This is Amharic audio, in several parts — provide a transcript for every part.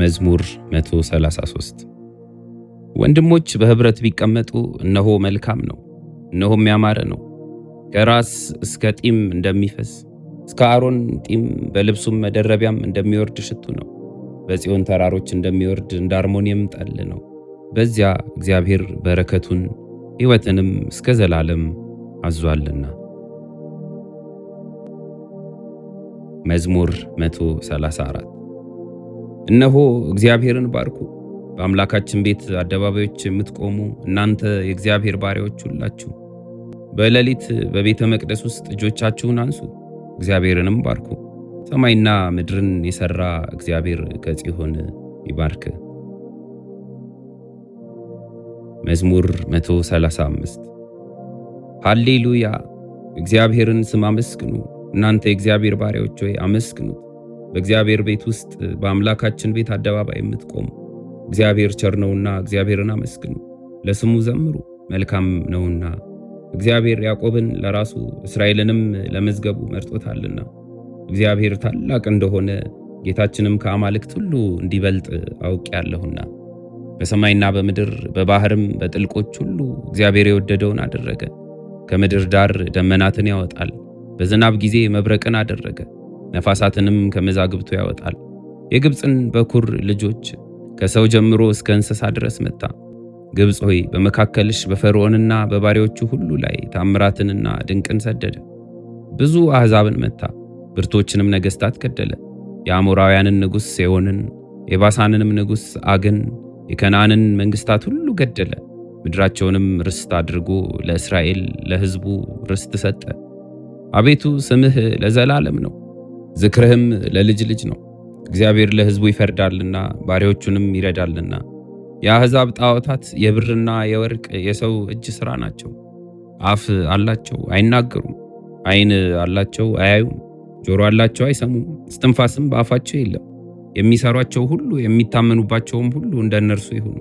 መዝሙር 133 ወንድሞች በኅብረት ቢቀመጡ እነሆ መልካም ነው፣ እነሆም ያማረ ነው። ከራስ እስከ ጢም እንደሚፈስ እስከ አሮን ጢም በልብሱም መደረቢያም እንደሚወርድ ሽቱ ነው። በጽዮን ተራሮች እንደሚወርድ እንደ አርሞኒየም ጠል ነው። በዚያ እግዚአብሔር በረከቱን ሕይወትንም እስከ ዘላለም አዟልና። መዝሙር 134 እነሆ እግዚአብሔርን ባርኩ፣ በአምላካችን ቤት አደባባዮች የምትቆሙ እናንተ የእግዚአብሔር ባሪያዎች ሁላችሁ፣ በሌሊት በቤተ መቅደስ ውስጥ እጆቻችሁን አንሱ፣ እግዚአብሔርንም ባርኩ። ሰማይና ምድርን የሠራ እግዚአብሔር ከጽዮን ይባርክ። መዝሙር 135 ሃሌሉያ! እግዚአብሔርን ስም አመስግኑ፣ እናንተ የእግዚአብሔር ባሪያዎች ሆይ አመስግኑት በእግዚአብሔር ቤት ውስጥ በአምላካችን ቤት አደባባይ የምትቆሙ እግዚአብሔር ቸር ነውና እግዚአብሔርን አመስግኑ፣ ለስሙ ዘምሩ፣ መልካም ነውና እግዚአብሔር ያዕቆብን ለራሱ እስራኤልንም ለመዝገቡ መርጦታልና። እግዚአብሔር ታላቅ እንደሆነ ጌታችንም ከአማልክት ሁሉ እንዲበልጥ አውቄአለሁና በሰማይና በምድር በባህርም በጥልቆች ሁሉ እግዚአብሔር የወደደውን አደረገ። ከምድር ዳር ደመናትን ያወጣል፣ በዝናብ ጊዜ መብረቅን አደረገ። ነፋሳትንም ከመዛግብቱ ያወጣል። የግብፅን በኩር ልጆች ከሰው ጀምሮ እስከ እንስሳ ድረስ መታ። ግብፅ ሆይ በመካከልሽ በፈርዖንና በባሪዎቹ ሁሉ ላይ ታምራትንና ድንቅን ሰደደ። ብዙ አሕዛብን መታ፣ ብርቶችንም ነገሥታት ገደለ። የአሞራውያንን ንጉሥ ሴዮንን፣ የባሳንንም ንጉሥ አግን፣ የከነዓንን መንግሥታት ሁሉ ገደለ። ምድራቸውንም ርስት አድርጎ ለእስራኤል ለሕዝቡ ርስት ሰጠ። አቤቱ ስምህ ለዘላለም ነው። ዝክርህም ለልጅ ልጅ ነው። እግዚአብሔር ለሕዝቡ ይፈርዳልና ባሪዎቹንም ይረዳልና። የአሕዛብ ጣዖታት የብርና የወርቅ የሰው እጅ ሥራ ናቸው። አፍ አላቸው አይናገሩም፣ ዐይን አላቸው አያዩም፣ ጆሮ አላቸው አይሰሙም፣ እስትንፋስም በአፋቸው የለም። የሚሰሯቸው ሁሉ የሚታመኑባቸውም ሁሉ እንደ እነርሱ ይሁኑ።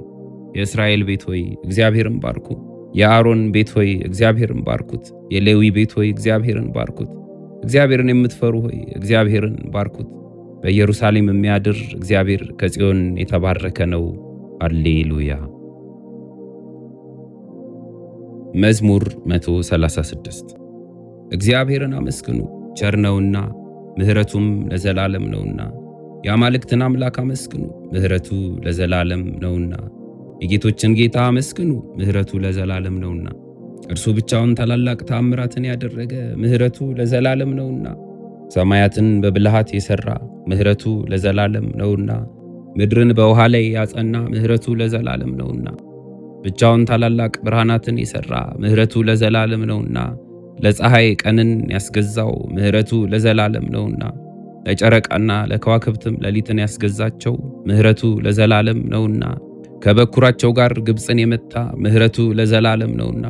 የእስራኤል ቤት ሆይ እግዚአብሔርን ባርኩ። የአሮን ቤት ሆይ እግዚአብሔርን ባርኩት። የሌዊ ቤት ሆይ እግዚአብሔርን ባርኩት። እግዚአብሔርን የምትፈሩ ሆይ እግዚአብሔርን ባርኩት። በኢየሩሳሌም የሚያድር እግዚአብሔር ከጽዮን የተባረከ ነው። አሌሉያ። መዝሙር 136 እግዚአብሔርን አመስግኑ ቸር ነውና ምሕረቱም ለዘላለም ነውና። የአማልክትን አምላክ አመስግኑ ምሕረቱ ለዘላለም ነውና። የጌቶችን ጌታ አመስግኑ ምሕረቱ ለዘላለም ነውና። እርሱ ብቻውን ታላላቅ ተአምራትን ያደረገ ምሕረቱ ለዘላለም ነውና፣ ሰማያትን በብልሃት የሠራ ምሕረቱ ለዘላለም ነውና፣ ምድርን በውሃ ላይ ያጸና ምሕረቱ ለዘላለም ነውና፣ ብቻውን ታላላቅ ብርሃናትን የሠራ ምሕረቱ ለዘላለም ነውና፣ ለፀሐይ ቀንን ያስገዛው ምሕረቱ ለዘላለም ነውና፣ ለጨረቃና ለከዋክብትም ሌሊትን ያስገዛቸው ምሕረቱ ለዘላለም ነውና፣ ከበኩራቸው ጋር ግብፅን የመታ ምሕረቱ ለዘላለም ነውና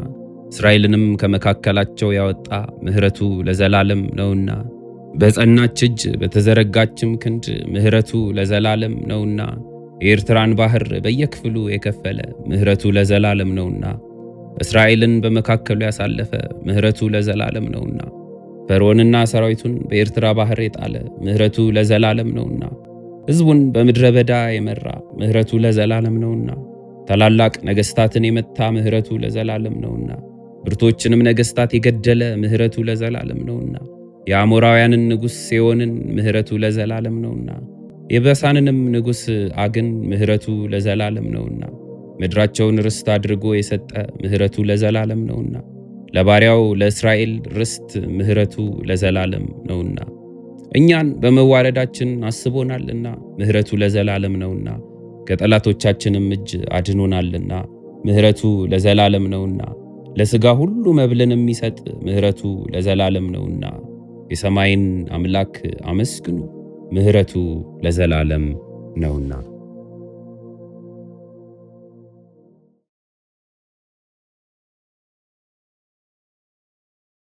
እስራኤልንም ከመካከላቸው ያወጣ ምሕረቱ ለዘላለም ነውና በጸናች እጅ በተዘረጋችም ክንድ ምሕረቱ ለዘላለም ነውና የኤርትራን ባህር በየክፍሉ የከፈለ ምሕረቱ ለዘላለም ነውና እስራኤልን በመካከሉ ያሳለፈ ምሕረቱ ለዘላለም ነውና ፈርዖንና ሰራዊቱን በኤርትራ ባህር የጣለ ምሕረቱ ለዘላለም ነውና ሕዝቡን በምድረ በዳ የመራ ምሕረቱ ለዘላለም ነውና ታላላቅ ነገሥታትን የመታ ምሕረቱ ለዘላለም ነውና ብርቶችንም ነገሥታት የገደለ ምሕረቱ ለዘላለም ነውና የአሞራውያንን ንጉሥ ሴዮንን ምሕረቱ ለዘላለም ነውና የበሳንንም ንጉሥ አግን ምሕረቱ ለዘላለም ነውና ምድራቸውን ርስት አድርጎ የሰጠ ምሕረቱ ለዘላለም ነውና ለባሪያው ለእስራኤል ርስት ምሕረቱ ለዘላለም ነውና እኛን በመዋረዳችን አስቦናልና ምሕረቱ ለዘላለም ነውና ከጠላቶቻችንም እጅ አድኖናልና ምሕረቱ ለዘላለም ነውና ለሥጋ ሁሉ መብልን የሚሰጥ ምሕረቱ ለዘላለም ነውና የሰማይን አምላክ አመስግኑ፣ ምሕረቱ ለዘላለም ነውና።